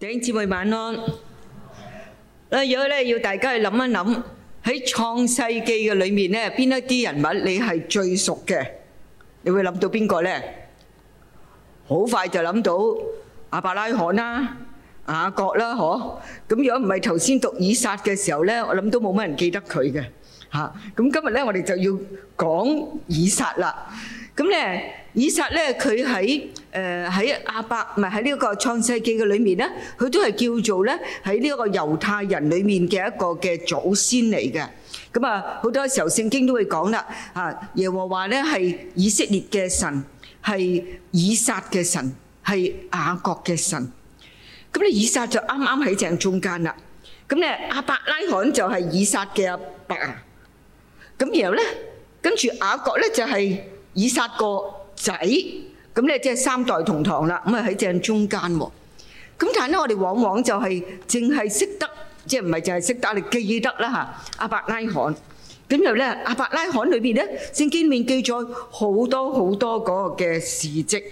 弟兄姊妹晚安。如果咧要大家去諗一諗喺創世記嘅裏面咧，邊一啲人物你係最熟嘅？你會諗到邊個咧？好快就諗到亞伯拉罕啦、雅各啦，嗬。咁如果唔係頭先讀以撒嘅時候咧，我諗都冇乜人記得佢嘅。嚇，咁今日咧我哋就要講以撒啦。咁咧，以撒咧佢喺誒喺阿伯唔係喺呢一個創世記嘅裏面咧，佢都係叫做咧喺呢一個猶太人裏面嘅一個嘅祖先嚟嘅。咁啊，好多時候聖經都會講啦，啊耶和華咧係以色列嘅神，係以撒嘅神，係雅各嘅神。咁咧以撒就啱啱喺正中間啦。咁咧阿伯拉罕就係以撒嘅阿伯啊。咁然後咧，跟住雅各咧就係以撒個仔咁咧，即係三代同堂啦。咁啊喺正中間喎。咁但係咧，我哋往往就係淨係識得，即係唔係淨係識得，你記得啦嚇。阿伯拉罕咁又咧，阿伯拉罕裏邊咧，聖經裏面記載好多好多嗰個嘅事蹟。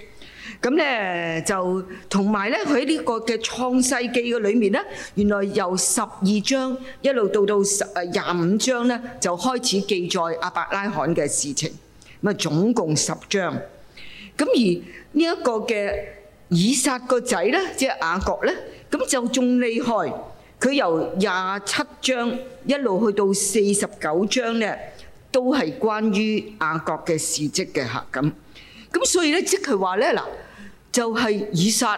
咁咧就同埋咧，喺呢個嘅創世記嘅裏面咧，原來由十二章一路到到十誒廿五章咧，就開始記載阿伯拉罕嘅事情。咁啊，總共十章，咁而呢一個嘅以撒個仔呢，即係雅各呢，咁就仲厲害，佢由廿七章一路去到四十九章呢，都係關於雅各嘅事蹟嘅嚇，咁咁所以呢，即係話呢，嗱，就係、是、以撒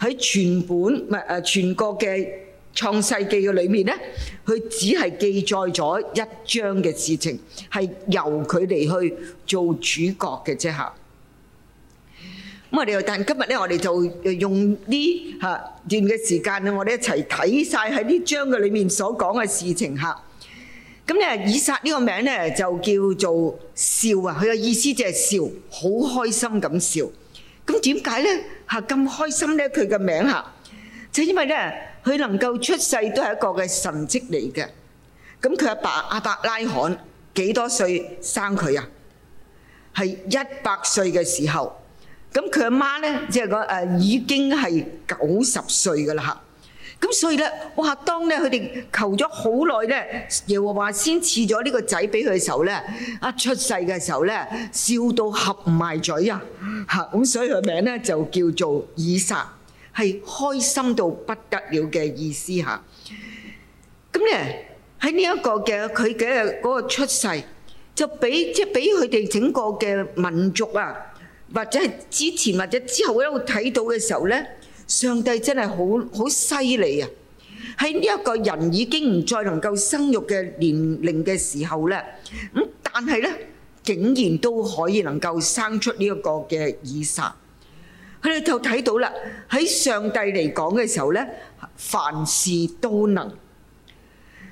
喺全本唔係全國嘅。創世記嘅裏面咧，佢只係記載咗一章嘅事情，係由佢哋去做主角嘅啫嚇。咁我哋又但今日咧，我哋就用啲嚇段嘅時間，我哋一齊睇晒喺呢章嘅裏面所講嘅事情嚇。咁咧，以撒呢個名咧就叫做笑啊，佢嘅意思就係笑，好開心咁笑。咁點解咧嚇咁開心咧？佢嘅名嚇。就因為咧，佢能夠出世都係一個嘅神蹟嚟嘅。咁佢阿爸阿伯拉罕幾多歲生佢啊？係一百歲嘅時候。咁佢阿媽咧，即係講誒已經係九十歲噶啦嚇。咁所以咧，哇！當咧佢哋求咗好耐咧，耶和華先賜咗呢個仔俾佢嘅時候咧，一出世嘅時候咧，笑到合埋嘴啊！嚇咁，所以佢名咧就叫做以撒。係開心到不得了嘅意思嚇。咁咧喺呢一個嘅佢嘅嗰個出世，就俾即係俾佢哋整個嘅民族啊，或者係之前或者之後一路睇到嘅時候咧，上帝真係好好犀利啊！喺呢一個人已經唔再能夠生育嘅年齡嘅時候咧，咁但係咧，竟然都可以能夠生出呢一個嘅以撒。佢哋就睇到啦，喺上帝嚟講嘅時候呢，凡事都能，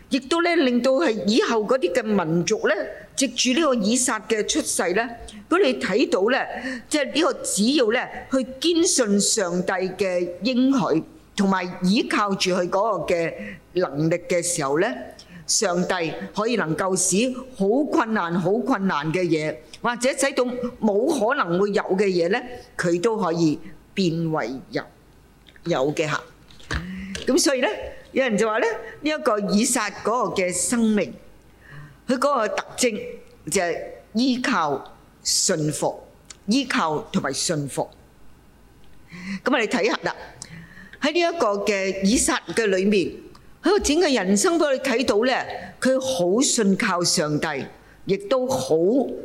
亦都呢令到係以後嗰啲嘅民族呢，藉住呢個以撒嘅出世呢，如果你睇到呢，即係呢個只要呢去堅信上帝嘅應許，同埋依靠住佢嗰個嘅能力嘅時候呢。上帝可以能夠使好困難、好困難嘅嘢，或者使到冇可能會有嘅嘢呢，佢都可以變為有有嘅㗎。咁所以呢，有人就話呢，呢一個以撒嗰個嘅生命，佢嗰個特徵就係依靠順服，依靠同埋順服。咁我哋睇下啦，喺呢一個嘅以撒嘅裏面。喺度整嘅人生都可以睇到咧，佢好信靠上帝，亦都好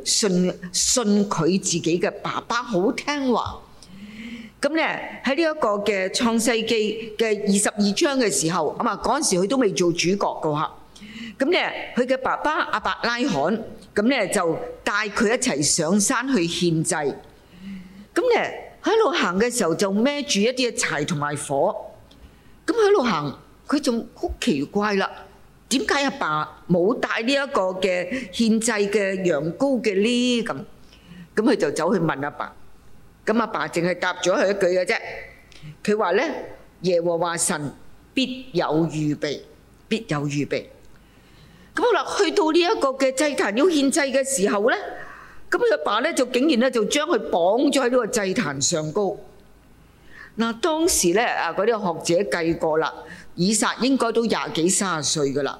信信佢自己嘅爸爸，好聽話。咁咧喺呢一個嘅創世記嘅二十二章嘅時候，啊嘛嗰陣時佢都未做主角噶嚇。咁咧佢嘅爸爸阿伯拉罕，咁咧就帶佢一齊上山去獻祭。咁咧喺路行嘅時候就孭住一啲柴同埋火，咁喺路行。佢仲好奇怪啦，點解阿爸冇帶呢一個嘅獻祭嘅羊羔嘅呢？咁咁佢就走去問阿爸，咁阿爸淨係答咗佢一句嘅啫。佢話咧：耶和華神必有預備，必有預備。咁好啦，去到呢一個嘅祭壇要獻祭嘅時候咧，咁阿爸咧就竟然咧就將佢綁咗喺呢個祭壇上高。嗱，當時咧，啊，嗰啲學者計過啦，以撒應該都廿幾三十歲噶啦。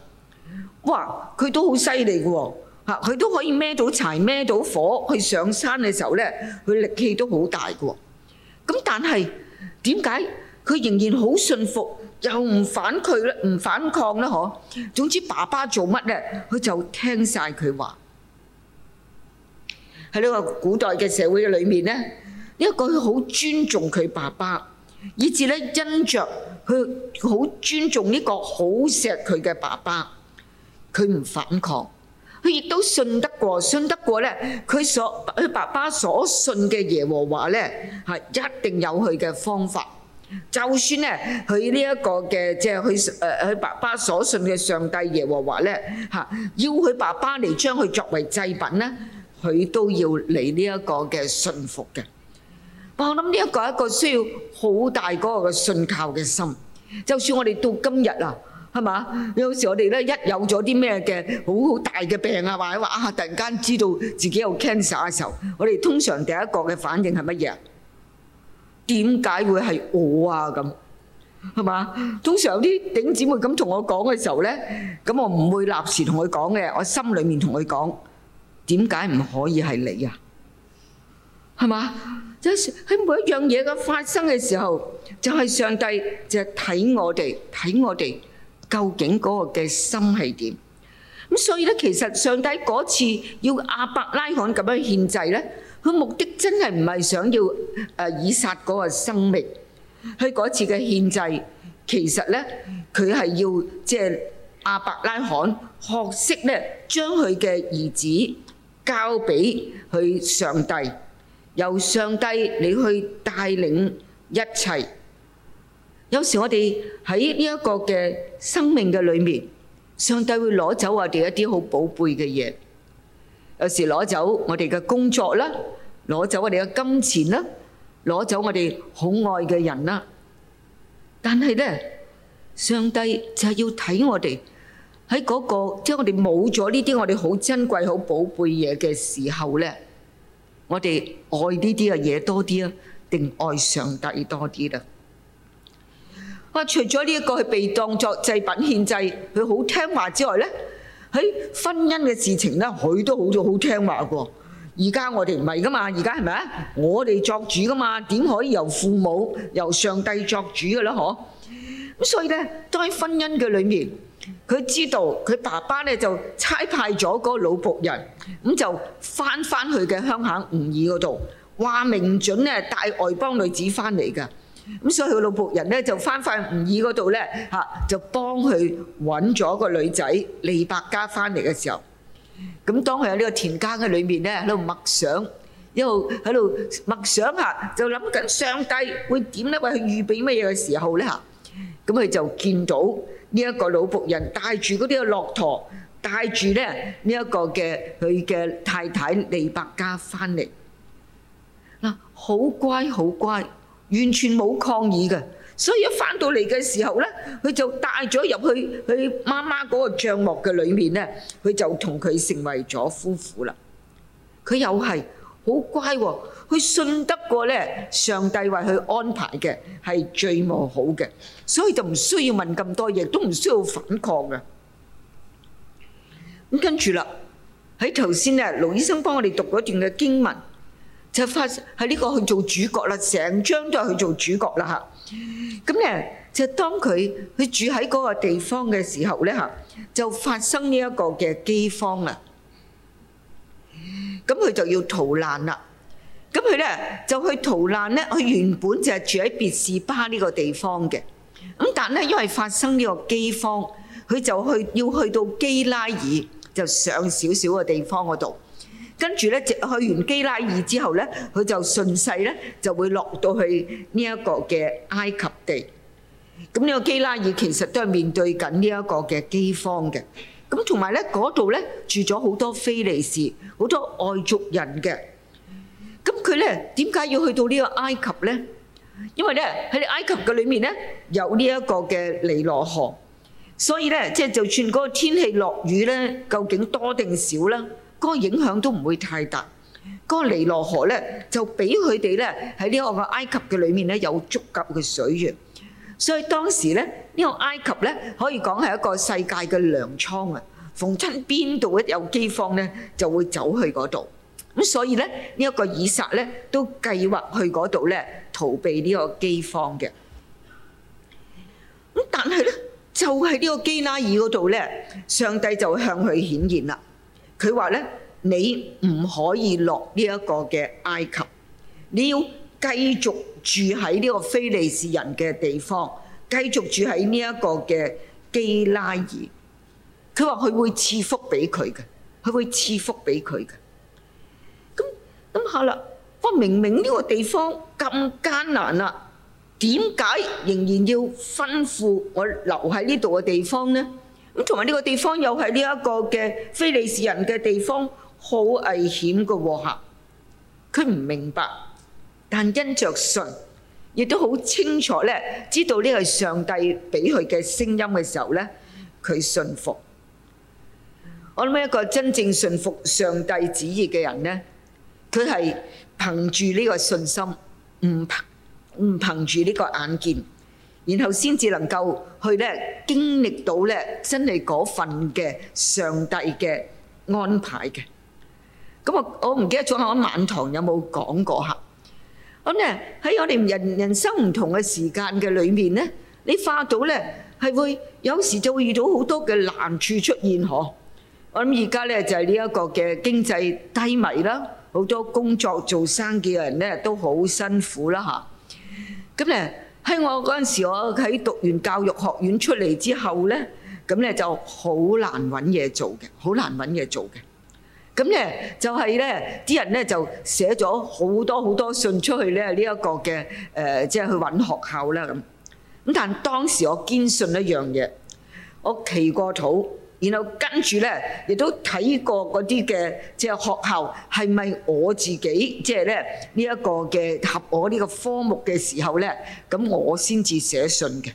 哇，佢都好犀利嘅喎，吓佢都可以孭到柴，孭到火去上山嘅時候咧，佢力氣都好大嘅。咁但係點解佢仍然好信服，又唔反拒咧，唔反抗咧？嗬，總之爸爸做乜咧，佢就聽晒佢話。喺呢個古代嘅社會裏面咧。一個佢好尊重佢爸爸，以致咧因着佢好尊重呢個好錫佢嘅爸爸，佢唔反抗，佢亦都信得過，信得過咧。佢所佢爸爸所信嘅耶和華咧，係一定有佢嘅方法。就算咧，佢呢一個嘅即係佢誒，佢爸爸所信嘅上帝耶和華咧，吓要佢爸爸嚟將佢作為祭品咧，佢都要嚟呢一個嘅信服嘅。我諗呢一個係一個需要好大嗰個信靠嘅心，就算我哋到今日啊，係嘛？有時我哋咧一有咗啲咩嘅好好大嘅病啊，或者話啊突然間知道自己有 cancer 嘅時候，我哋通常第一個嘅反應係乜嘢？點解會係我啊？咁係嘛？通常有啲頂姊妹咁同我講嘅時候咧，咁我唔會立時同佢講嘅，我心裏面同佢講：點解唔可以係你啊？係嘛？喺每一樣嘢嘅發生嘅時候，就係上帝就係睇我哋睇我哋究竟嗰個嘅心係點。咁所以咧，其實上帝嗰次要亞伯拉罕咁樣獻祭咧，佢目的真係唔係想要誒以撒嗰個生命。佢嗰次嘅獻祭，其實咧佢係要即係亞伯拉罕學識咧，將佢嘅兒子交俾佢上帝。由上帝你去帶領一切。有時我哋喺呢一個嘅生命嘅裏面，上帝會攞走我哋一啲好寶貝嘅嘢。有時攞走我哋嘅工作啦，攞走我哋嘅金錢啦，攞走我哋好愛嘅人啦。但係咧，上帝就係要睇我哋喺嗰個，即係我哋冇咗呢啲我哋好珍貴、好寶貝嘢嘅時候咧。我哋愛呢啲嘅嘢多啲啊，定愛上帝多啲啦？哇！除咗呢一個佢被當作祭品獻祭，佢好聽話之外呢，喺婚姻嘅事情呢，佢都好似好聽話嘅。而家我哋唔係噶嘛，而家係咪啊？我哋作主噶嘛，點可以由父母、由上帝作主嘅呢？嗬！咁所以呢，都喺婚姻嘅裏面。佢知道佢爸爸咧就差派咗嗰個老僕人，咁就翻返去嘅鄉下吾珥嗰度，話明準咧帶外邦女子翻嚟噶。咁所以個老僕人咧就翻返去吾珥嗰度咧嚇，就幫佢揾咗個女仔利百加翻嚟嘅時候，咁當佢喺呢個田間嘅裏面咧喺度默想，一路喺度默想下，就諗緊上帝會點咧為佢預備乜嘢嘅時候咧嚇，咁佢就見到。呢一個老僕人帶住嗰啲嘅駱駝，帶住咧呢一個嘅佢嘅太太利百加翻嚟，嗱好乖好乖，完全冇抗議嘅，所以一翻到嚟嘅時候咧，佢就帶咗入去佢媽媽嗰個帳幕嘅裏面咧，佢就同佢成為咗夫婦啦。佢又係。好乖喎，佢信得過呢。上帝為佢安排嘅係最冇好嘅，所以就唔需要問咁多嘢，都唔需要反抗嘅。咁跟住啦，喺頭先呢，盧醫生幫我哋讀嗰段嘅經文，就發喺呢個去做主角啦，成章都係去做主角啦吓，咁呢，就當佢佢住喺嗰個地方嘅時候呢，嚇，就發生呢一個嘅饑荒啦！咁佢就要逃難啦。咁佢咧就去逃難咧，佢原本就係住喺別士巴呢個地方嘅。咁但咧因為發生呢個饑荒，佢就去要去到基拉爾，就上少少嘅地方嗰度。跟住咧，去完基拉爾之後咧，佢就順勢咧就會落到去呢一個嘅埃及地。咁呢個基拉爾其實都係面對緊呢一個嘅饑荒嘅。咁同埋咧，嗰度咧住咗好多非利士、好多外族人嘅。咁佢咧點解要去到呢個埃及咧？因為咧喺啲埃及嘅裏面咧有呢一個嘅尼羅河，所以咧即係就算嗰個天氣落雨咧，究竟多定少啦，嗰個影響都唔會太大。嗰個尼羅河咧就俾佢哋咧喺呢個埃及嘅裏面咧有足夠嘅水源。所以當時咧，呢個埃及咧可以講係一個世界嘅糧倉啊！逢親邊度一有饑荒咧，就會走去嗰度。咁所以咧，呢一個以撒咧都計劃去嗰度咧逃避呢個饑荒嘅。咁但係咧，就喺呢個基拉耳嗰度咧，上帝就向佢顯現啦。佢話咧：你唔可以落呢一個嘅埃及，你要繼續住喺呢個非利士人嘅地方，繼續住喺呢一個嘅基拉爾。佢話：佢會賜福俾佢嘅，佢會賜福俾佢嘅。咁下啦，明明呢個地方咁艱難啦，啊，點解仍然要吩咐我留喺呢度嘅地方呢？咁同埋呢個地方又係呢一個嘅非利士人嘅地方，好危險嘅喎。佢唔明白。但因着信，亦都好清楚咧，知道呢個係上帝俾佢嘅聲音嘅時候咧，佢順服。我諗一個真正順服上帝旨意嘅人咧，佢係憑住呢個信心，唔憑唔憑住呢個眼見，然後先至能夠去咧經歷到咧真係嗰份嘅上帝嘅安排嘅。咁我我唔記得咗我喺晚堂有冇講過吓。咁咧喺我哋人人生唔同嘅時間嘅裏面咧，你化到咧係會有時就會遇到好多嘅難處出現呵。我諗而家咧就係呢一個嘅經濟低迷啦，好多工作做生意嘅人咧都好辛苦啦嚇。咁咧喺我嗰陣時，我喺讀完教育學院出嚟之後咧，咁咧就好難揾嘢做嘅，好難揾嘢做嘅。咁咧就係咧，啲人咧就寫咗好多好多信出去咧，呢一個嘅誒，即係去揾學校啦咁。咁但當時我堅信一樣嘢，我祈過禱，然後跟住咧亦都睇過嗰啲嘅即係學校係咪我自己即係咧呢一個嘅合我呢個科目嘅時候咧，咁我先至寫信嘅。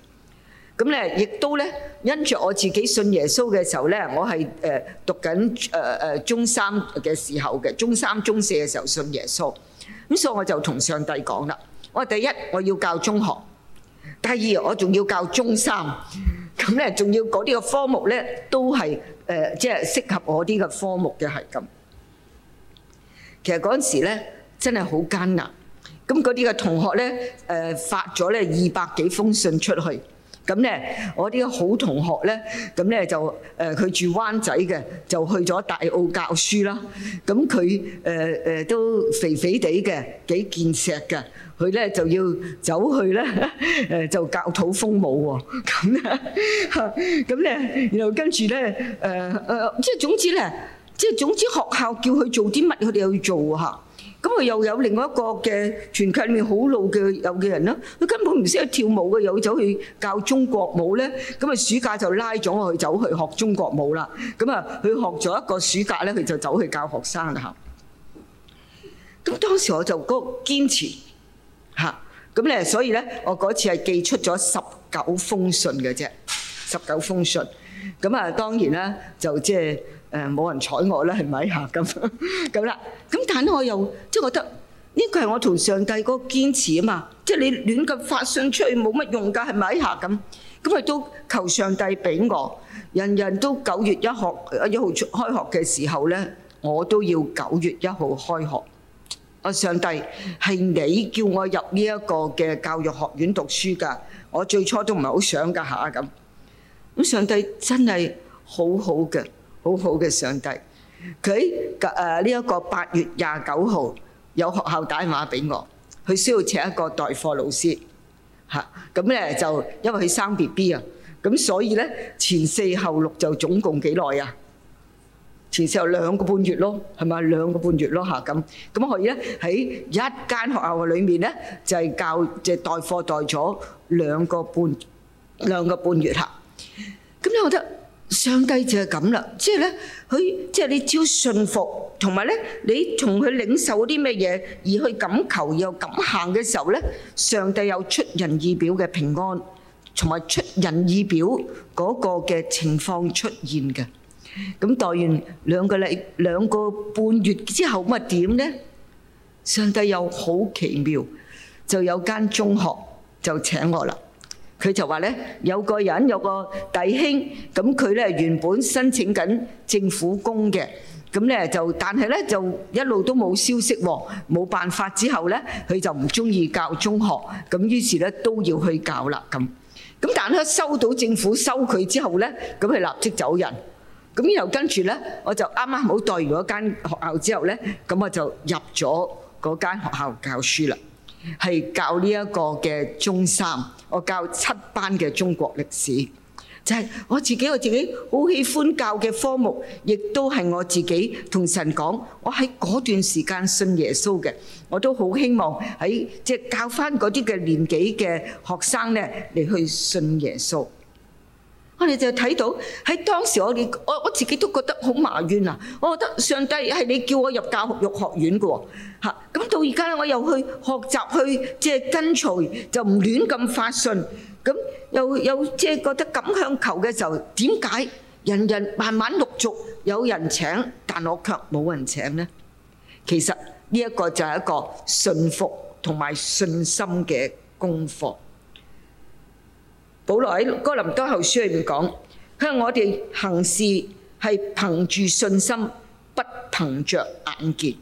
咁咧，亦都咧，因著我自己信耶穌嘅時候咧，我係誒讀緊誒誒中三嘅時候嘅，中三中四嘅時候信耶穌。咁所以我就同上帝講啦，我話第一我要教中學，第二我仲要教中三，咁咧仲要嗰啲嘅科目咧都係誒即係適合我啲嘅科目嘅。係咁，其實嗰陣時咧真係好艱難，咁嗰啲嘅同學咧誒發咗咧二百幾封信出去。咁咧，我啲好同學咧，咁咧就誒，佢住灣仔嘅，就去咗大澳教書啦。咁佢誒誒都肥肥地嘅，幾健碩嘅，佢咧就要走去咧 就教土風舞喎、哦。咁咧，咁咧，然後跟住咧誒誒，即係總之咧，即係總之學校叫佢做啲乜，佢哋要做咁啊又有另外一個嘅團契裏面好老嘅有嘅人啦，佢根本唔識得跳舞嘅，又走去教中國舞咧。咁啊暑假就拉咗我去走去學中國舞啦。咁啊佢學咗一個暑假咧，佢就走去教學生啦。咁當時我就嗰個堅持吓，咁咧所以咧我嗰次係寄出咗十九封信嘅啫，十九封信。咁啊當然啦就即係。誒冇人睬我啦，係咪嚇咁咁啦？咁但係我又即係覺得呢個係我同上帝嗰個堅持啊嘛！即係你亂咁發信出去冇乜用㗎，係咪嚇咁？咁佢都求上帝俾我，人人都九月一號一號出開學嘅時候呢，我都要九月一號開學。啊，上帝係你叫我入呢一個嘅教育學院讀書㗎，我最初都唔係好想㗎嚇咁。咁上帝真係好好嘅。好好嘅上帝，佢嘅誒呢一個八月廿九號有學校打電話俾我，佢需要請一個代課老師嚇。咁咧就因為佢生 B B 啊，咁所以咧前四後六就總共幾耐啊？前四後兩個半月咯，係咪兩個半月咯嚇咁。咁可以咧喺一間學校嘅裏面咧就係教即係代課代咗兩個半兩個半月嚇。咁咧你覺得。上帝就係咁啦，即係咧，佢即係你只要信服，同埋咧，你從佢領受嗰啲咩嘢，而去咁求又咁行嘅時候咧，上帝又出人意表嘅平安，同埋出人意表嗰個嘅情況出現嘅。咁待完兩個禮兩個半月之後，咁啊點咧？上帝又好奇妙，就有間中學就請我啦。佢就話呢，有個人有個弟兄，咁佢呢原本申請緊政府工嘅，咁呢就，但係呢就一路都冇消息喎，冇辦法之後呢，佢就唔中意教中學，咁於是呢都要去教啦，咁，咁但係呢收到政府收佢之後呢，咁佢立即走人，咁又跟住呢，我就啱啱好代完嗰間學校之後呢，咁我就入咗嗰間學校教書啦，係教呢一個嘅中三。我教七班嘅中國歷史，就係、是、我自己我自己好喜歡教嘅科目，亦都係我自己同神講，我喺嗰段時間信耶穌嘅，我都好希望喺、即係、教返嗰啲嘅年紀嘅學生呢嚟去信耶穌。我哋就睇到喺當時，我哋我我自己都覺得好埋怨啊！我覺得上帝係你叫我入教育學院嘅喎，嚇！咁到而家咧，我又去學習去即係跟隨，就唔亂咁發信。咁又有即係覺得感向求嘅時候，點解人人慢慢陸續有人請，但我卻冇人請咧？其實呢一個就係一個順服同埋信心嘅功課。保羅喺哥林多後書裏面講，佢話我哋行事係憑住信心，不憑著眼見。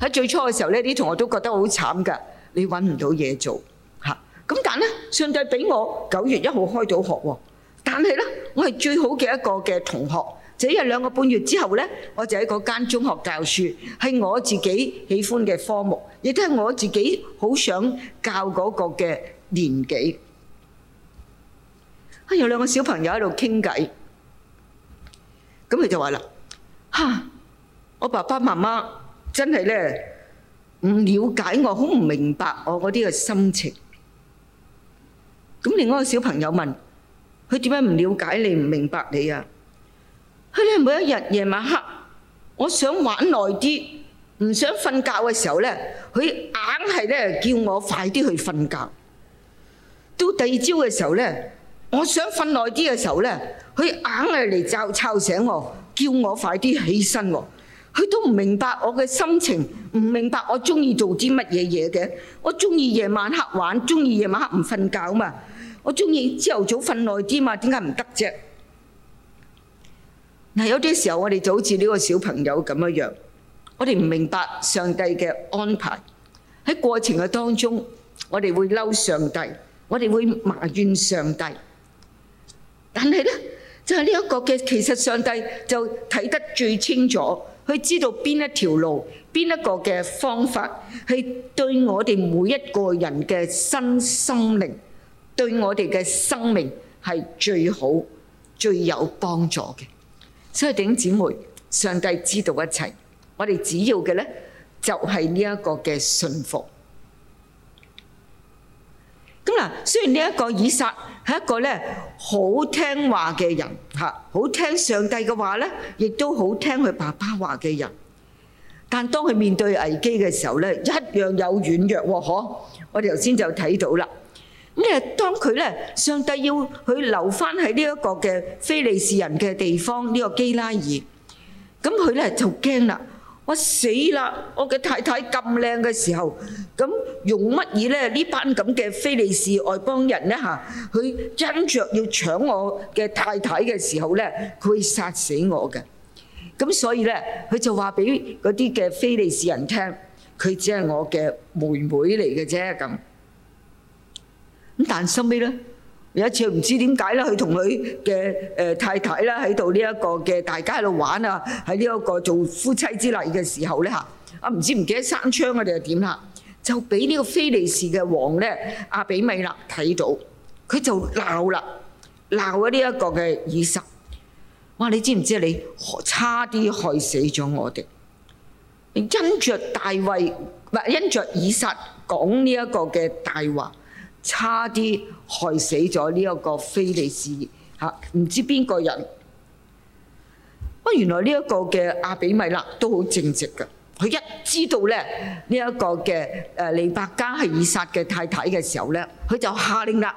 喺最初嘅時候呢，啲同學都覺得我好慘㗎，你揾唔到嘢做嚇。咁但係呢，上帝俾我九月一號開到學喎。但係呢，我係最好嘅一個嘅同學。只有兩個半月之後呢，我就喺嗰間中學教書，係我自己喜歡嘅科目，亦都係我自己好想教嗰個嘅年紀。啊！有兩個小朋友喺度傾偈，咁佢就話啦：嚇，我爸爸媽媽真係咧唔了解我，好唔明白我嗰啲嘅心情。咁另外一個小朋友問：佢點解唔了解你、唔明白你啊？佢咧每一日夜晚黑，我想玩耐啲，唔想瞓覺嘅時候咧，佢硬係咧叫我快啲去瞓覺。到第二朝嘅時候咧，我想瞓耐啲嘅時候咧，佢硬係嚟就吵醒我，叫我快啲起身喎。佢都唔明白我嘅心情，唔明白我鍾意做啲乜嘢嘢嘅。我鍾意夜晚黑玩，鍾意夜晚黑唔瞓覺嘛。我鍾意朝頭早瞓耐啲嘛，點解唔得啫？嗱，有啲時候我哋就好似呢個小朋友咁樣樣，我哋唔明白上帝嘅安排，喺過程嘅當中，我哋會嬲上帝，我哋會埋怨上帝。但係咧，就係呢一個嘅，其實上帝就睇得最清楚，去知道邊一條路、邊一個嘅方法，係對我哋每一個人嘅新生命，對我哋嘅生命係最好、最有幫助嘅。所以弟兄姊妹，上帝知道一切，我哋只要嘅咧，就係呢一個嘅信服。咁嗱，雖然呢一個以撒。係一個咧好聽話嘅人嚇，好聽上帝嘅話咧，亦都好聽佢爸爸話嘅人。但當佢面對危機嘅時候咧，一樣有軟弱喎嗬。我哋頭先就睇到啦。咁咧，當佢咧上帝要佢留翻喺呢一個嘅非利士人嘅地方呢個基拉耳，咁佢咧就驚啦。我死啦！我嘅太太咁靚嘅時候，咁用乜嘢咧？呢班咁嘅非利士外邦人咧嚇，佢爭著要搶我嘅太太嘅時候咧，佢會殺死我嘅。咁所以咧，佢就話俾嗰啲嘅非利士人聽，佢只係我嘅妹妹嚟嘅啫。咁咁，但收尾咧。有一次唔知點解啦，佢同佢嘅誒太太啦喺度呢一個嘅大街喺度玩啊，喺呢一個做夫妻之禮嘅時候咧嚇，啊唔知唔記得閂窗我哋係點啦？就俾呢個非利士嘅王咧阿比米勒睇到，佢就鬧啦，鬧呢一個嘅以撒。哇！你知唔知你差啲害死咗我哋？因着大衞或因着以撒講呢一個嘅大話。差啲害死咗呢一個非利士嚇，唔知邊個人。啊，原來呢一個嘅亞比米勒都好正直㗎。佢一知道咧呢一個嘅誒利百加係以撒嘅太太嘅時候咧，佢就下令啦，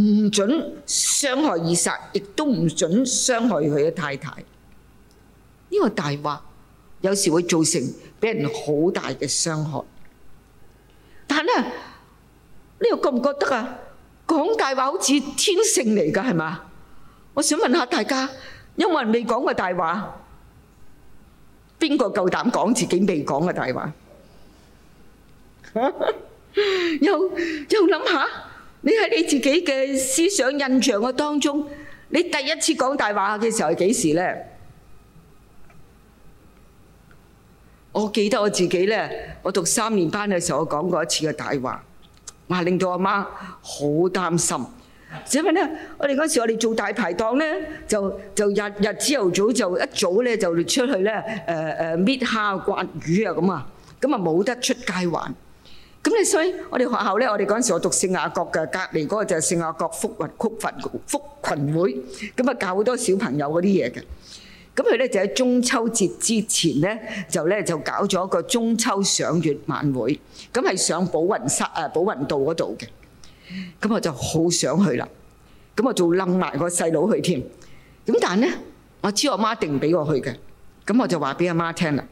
唔准傷害以撒，亦都唔准傷害佢嘅太太。呢、這個大話有時會造成俾人好大嘅傷害，但係咧。又你覺唔覺得啊？講大話好似天性嚟噶，係嘛？我想問下大家，有冇人未講過大話？邊個夠膽講自己未講過大話？又又諗下，你喺你自己嘅思想印象嘅當中，你第一次講大話嘅時候係幾時呢？我記得我自己呢，我讀三年班嘅時候，我講過一次嘅大話。哇！令到阿媽好擔心，因為咧，我哋嗰時我哋做大排檔咧，就就日日朝頭早就一早咧就出去咧，誒誒搣蝦、刮魚啊咁啊，咁啊冇得出街玩。咁咧所以，我哋學校咧，我哋嗰時我讀聖雅各嘅，隔離嗰個就係聖雅各福雲曲羣福羣會，咁啊教好多小朋友嗰啲嘢嘅。咁佢咧就喺中秋節之前咧，就咧就搞咗一個中秋賞月晚會，咁係上寶雲山啊、寶雲道嗰度嘅，咁我就好想去啦，咁我仲掹埋我細佬去添，咁但係咧我知我媽一定唔俾我去嘅，咁我就話俾阿媽聽啦，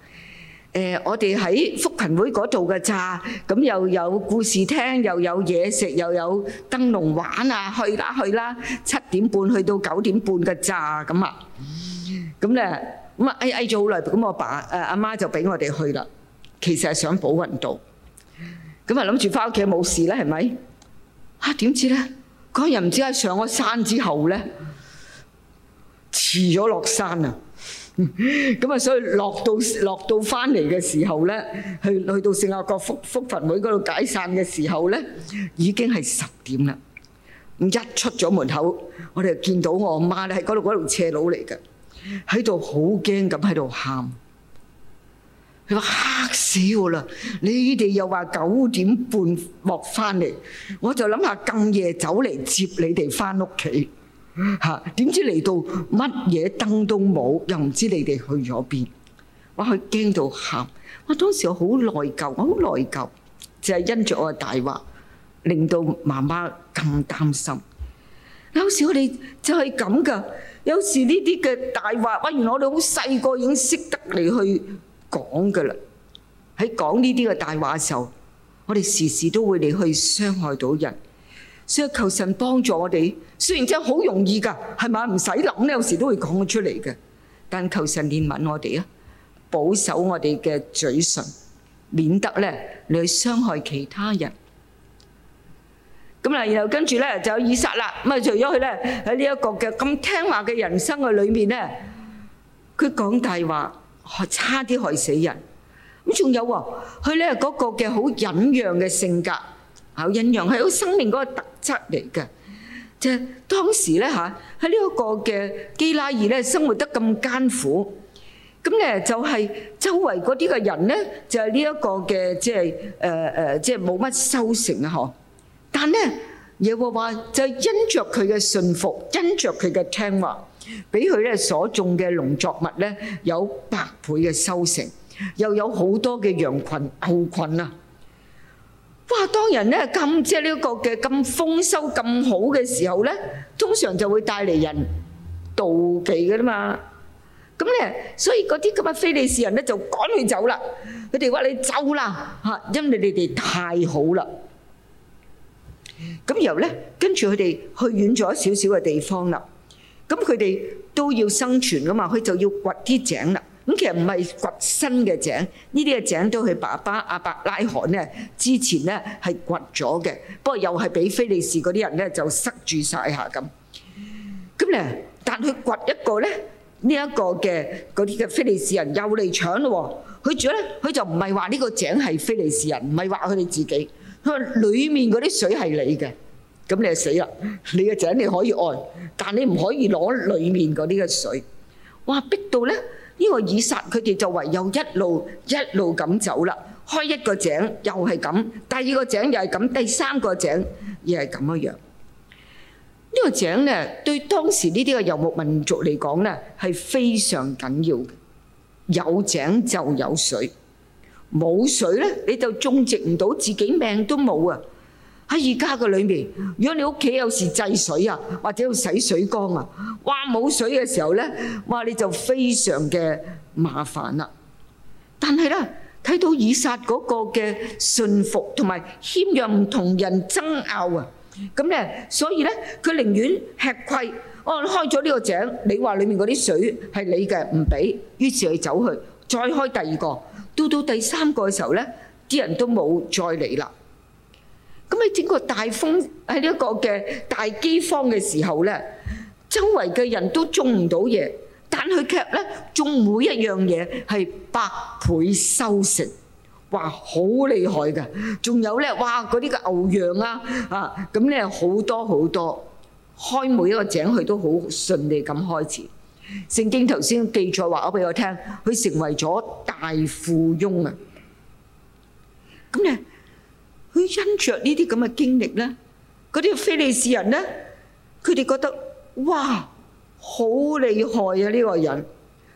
誒我哋喺福群會嗰度嘅咋，咁又有故事聽，又有嘢食，又有燈籠玩啊，去啦去啦，七點半去到九點半嘅咋，咁啊。咁咧，咁啊，挨挨咗好耐，咁我爸誒阿媽就俾我哋去啦。其實係想保雲道，咁啊諗住翻屋企冇事咧，係咪？嚇點知咧？嗰日唔知喺上咗山之後咧，遲咗落山啊！咁啊，所以落到落到翻嚟嘅時候咧，去去到聖亞國福福佛會嗰度解散嘅時候咧，已經係十點啦。咁一出咗門口，我哋就見到我阿媽咧喺嗰度嗰條斜路嚟嘅。喺度好驚咁喺度喊，佢話嚇死我啦！你哋又話九點半落翻嚟，我就諗下更夜走嚟接你哋翻屋企嚇。點知嚟到乜嘢燈都冇，又唔知你哋去咗邊？哇！佢驚到喊。我！當時我好內疚，我好內疚，就係因著我嘅大話，令到媽媽更擔心。嗱，好似我哋就係咁噶。有時呢啲嘅大話，哇！原來我哋好細個已經識得嚟去講㗎喇。喺講呢啲嘅大話時候，我哋時時都會嚟去傷害到人，所以求神幫助我哋。雖然真係好容易㗎，係咪？唔使諗咧，有時都會講咗出嚟嘅。但求神憐憫我哋啊，保守我哋嘅嘴唇，免得咧你去傷害其他人。咁啦，然後跟住咧就有以撒啦。咁啊，除咗佢咧喺呢一個嘅咁聽話嘅人生嘅裏面咧，佢講大話，害差啲害死人。咁仲有喎，佢咧嗰個嘅好忍讓嘅性格，好忍讓係好生命嗰個特質嚟嘅。即係當時咧嚇喺呢一個嘅基拉爾咧生活得咁艱苦，咁咧就係周圍嗰啲嘅人咧就係呢一個嘅即係誒誒，即係冇乜收成啊！嗬。但咧，耶和華就因着佢嘅信服，因着佢嘅聽話，俾佢咧所種嘅農作物咧有百倍嘅收成，又有好多嘅羊群、牛群啊！哇，當人咧咁即係呢個嘅咁豐收咁好嘅時候咧，通常就會帶嚟人妒忌噶啦嘛。咁咧，所以嗰啲咁嘅非利士人咧就趕佢走啦，佢哋話你走啦吓，因為你哋太好啦。咁由咧，跟住佢哋去遠咗少少嘅地方啦。咁佢哋都要生存噶嘛，佢就要掘啲井啦。咁其實唔係掘新嘅井，呢啲嘅井都係佢爸爸阿伯拉罕咧之前咧係掘咗嘅。不過又係俾非利士嗰啲人咧就塞住曬下咁。咁咧，但佢掘一個咧，呢一個嘅嗰啲嘅非利士人又嚟搶咯喎。佢仲咧，佢就唔係話呢個井係非利士人，唔係話佢哋自己。佢話裡面嗰啲水係你嘅。咁你就死啦！你嘅井你可以按，但你唔可以攞裏面嗰啲嘅水。哇！逼到咧呢個以撒，佢哋就唯有一路一路咁走啦。開一個井又係咁，第二個井又係咁，第三個井又係咁樣樣。呢個井咧，對當時呢啲嘅遊牧民族嚟講咧，係非常緊要嘅。有井就有水，冇水咧你就種植唔到，自己命都冇啊！喺而家嘅裏面，如果你屋企有時制水啊，或者要洗水缸啊，哇，冇水嘅時候咧，哇，你就非常嘅麻煩啦。但係咧，睇到以撒嗰個嘅順服同埋謙讓，唔同人爭拗啊，咁咧，所以咧佢寧願吃虧，我開咗呢個井，你話裏面嗰啲水係你嘅唔俾，於是佢走去再開第二個，到到第三個嘅時候咧，啲人都冇再嚟啦。咁你整個大風喺呢一個嘅大饑荒嘅時候咧，周圍嘅人都種唔到嘢，但佢卻咧種每一樣嘢係百倍收成，哇！好厲害㗎，仲有咧，哇！嗰啲嘅牛羊啊，啊，咁咧好多好多，開每一個井佢都好順利咁開始。聖經頭先記載話咗俾我聽，佢成為咗大富翁啊！咁咧。因着呢啲咁嘅經歷咧，嗰啲非利士人咧，佢哋覺得哇，好厲害啊！呢個人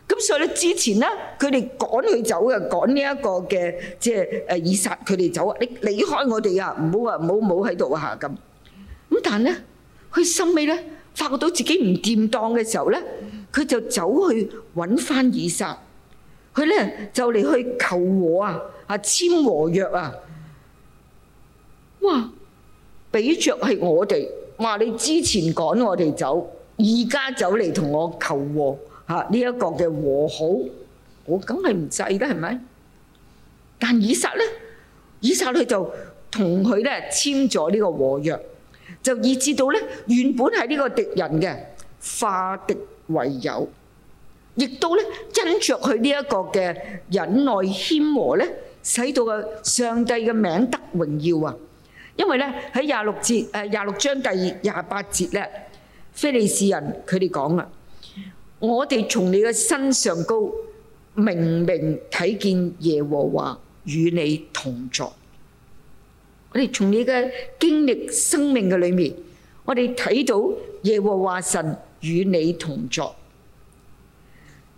咁，所以咧之前咧，佢哋趕佢走啊，趕呢一個嘅，即係誒以撒佢哋走啊，你離開我哋啊，唔好話，唔好唔好喺度啊咁。咁但係咧，佢心尾咧，發覺到自己唔掂當嘅時候咧，佢就走去揾翻以撒，佢咧就嚟去求和啊，啊簽和約啊。哇！比著係我哋，哇！你之前趕我哋走，而家走嚟同我求和嚇呢一個嘅和好，我梗係唔制啦，係咪？但以撒咧，以撒佢就同佢咧簽咗呢個和約，就以至到咧原本係呢個敵人嘅化敵為友，亦都咧因著佢呢一個嘅忍耐謙和咧，使到嘅上帝嘅名得榮耀啊！因為咧喺廿六節，誒廿六章第廿八節咧，非利士人佢哋講啊，我哋從你嘅身上高明明睇見耶和華與你同在。我哋從你嘅經歷生命嘅裏面，我哋睇到耶和華神與你同在。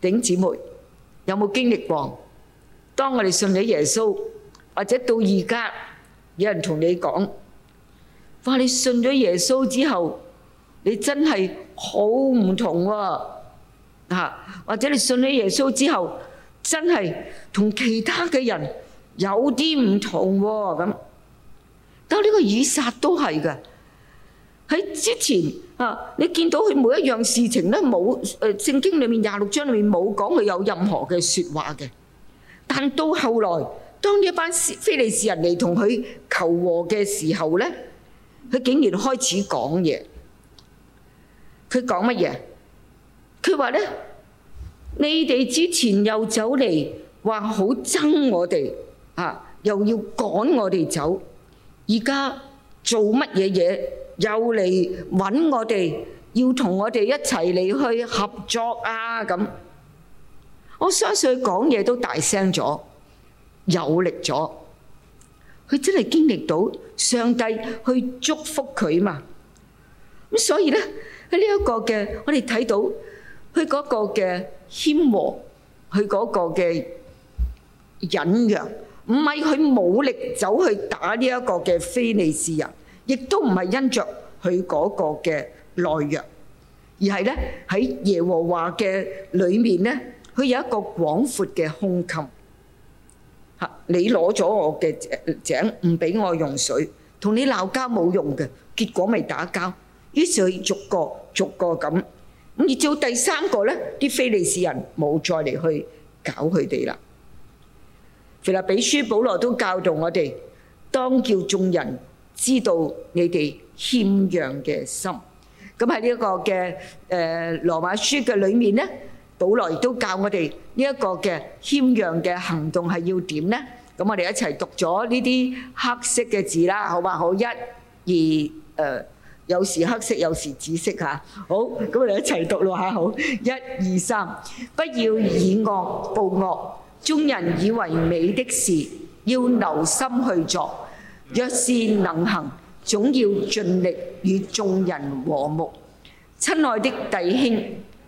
頂姊妹有冇經歷過？當我哋信咗耶穌，或者到而家？有人同你講，話你信咗耶穌之後，你真係好唔同喎，嚇，或者你信咗耶穌之後，真係同其他嘅人有啲唔同喎，咁。但呢個以撒都係嘅，喺之前嚇，你見到佢每一樣事情咧冇誒聖經裡面廿六章裡面冇講佢有任何嘅説話嘅，但到後來。當一班非利士人嚟同佢求和嘅時候咧，佢竟然開始講嘢。佢講乜嘢？佢話咧：你哋之前又走嚟話好憎我哋啊，又要趕我哋走。而家做乜嘢嘢？又嚟搵我哋，要同我哋一齊嚟去合作啊！咁我相信佢講嘢都大聲咗。有力咗，佢真係經歷到上帝去祝福佢嘛？咁所以咧，喺呢一個嘅，我哋睇到佢嗰個嘅謙和，佢嗰個嘅忍讓，唔係佢武力走去打呢一個嘅非利士人，亦都唔係因着佢嗰個嘅懦弱，而係咧喺耶和華嘅裏面咧，佢有一個廣闊嘅胸襟。嚇！你攞咗我嘅井，唔俾我用水，同你鬧交冇用嘅。結果咪打交，於是佢逐個逐個咁。咁而至到第三個咧，啲非利士人冇再嚟去搞佢哋啦。腓立比書，保羅都教導我哋，當叫眾人知道你哋謙讓嘅心。咁喺呢一個嘅誒羅馬書嘅裏面咧。保羅都教我哋呢一個嘅謙讓嘅行動係要點咧？咁我哋一齊讀咗呢啲黑色嘅字啦，好嘛？好，一、二，誒，有時黑色，有時紫色嚇。好，咁我哋一齊讀咯嚇。好，一、二、三，不要以惡報惡。眾人以為美的事，要留心去做。若是能行，總要盡力與眾人和睦。親愛的弟兄。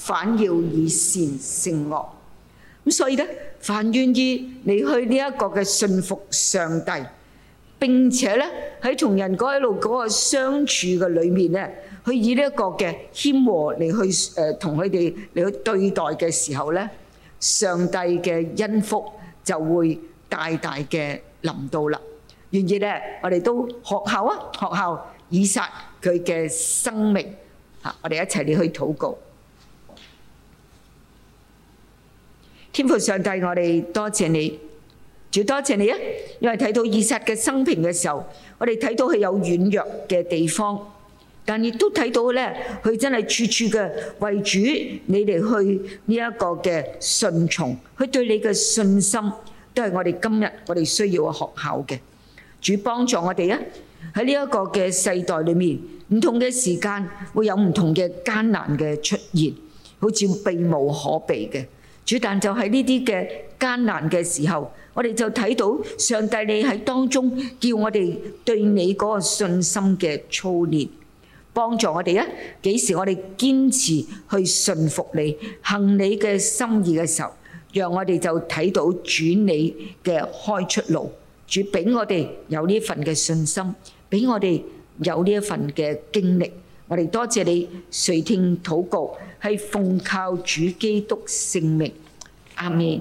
反要以善勝惡，咁所以咧，凡願意嚟去呢一個嘅信服上帝，並且咧喺同人嗰一路嗰個相處嘅裏面咧，去以呢一個嘅謙和嚟去誒同佢哋嚟去對待嘅時候咧，上帝嘅恩福就會大大嘅臨到啦。願意咧，我哋都學效啊，學效以撒佢嘅生命嚇，我哋一齊嚟去禱告。天父上帝，我哋多謝你，主多謝你啊！因為睇到以撒嘅生平嘅時候，我哋睇到佢有軟弱嘅地方，但亦都睇到咧，佢真係處處嘅為主，你哋去呢一個嘅順從，佢對你嘅信心，都係我哋今日我哋需要嘅學習嘅。主幫助我哋啊！喺呢一個嘅世代裏面，唔同嘅時間會有唔同嘅艱難嘅出現，好似避無可避嘅。主但就喺呢啲嘅艱難嘅時候，我哋就睇到上帝你喺當中叫我哋對你嗰個信心嘅操練幫助我哋啊！幾時我哋堅持去順服你、行你嘅心意嘅時候，讓我哋就睇到主你嘅開出路，主俾我哋有呢一份嘅信心，俾我哋有呢一份嘅經歷。我哋多謝你垂聽禱告，係奉靠主基督聖名，阿門。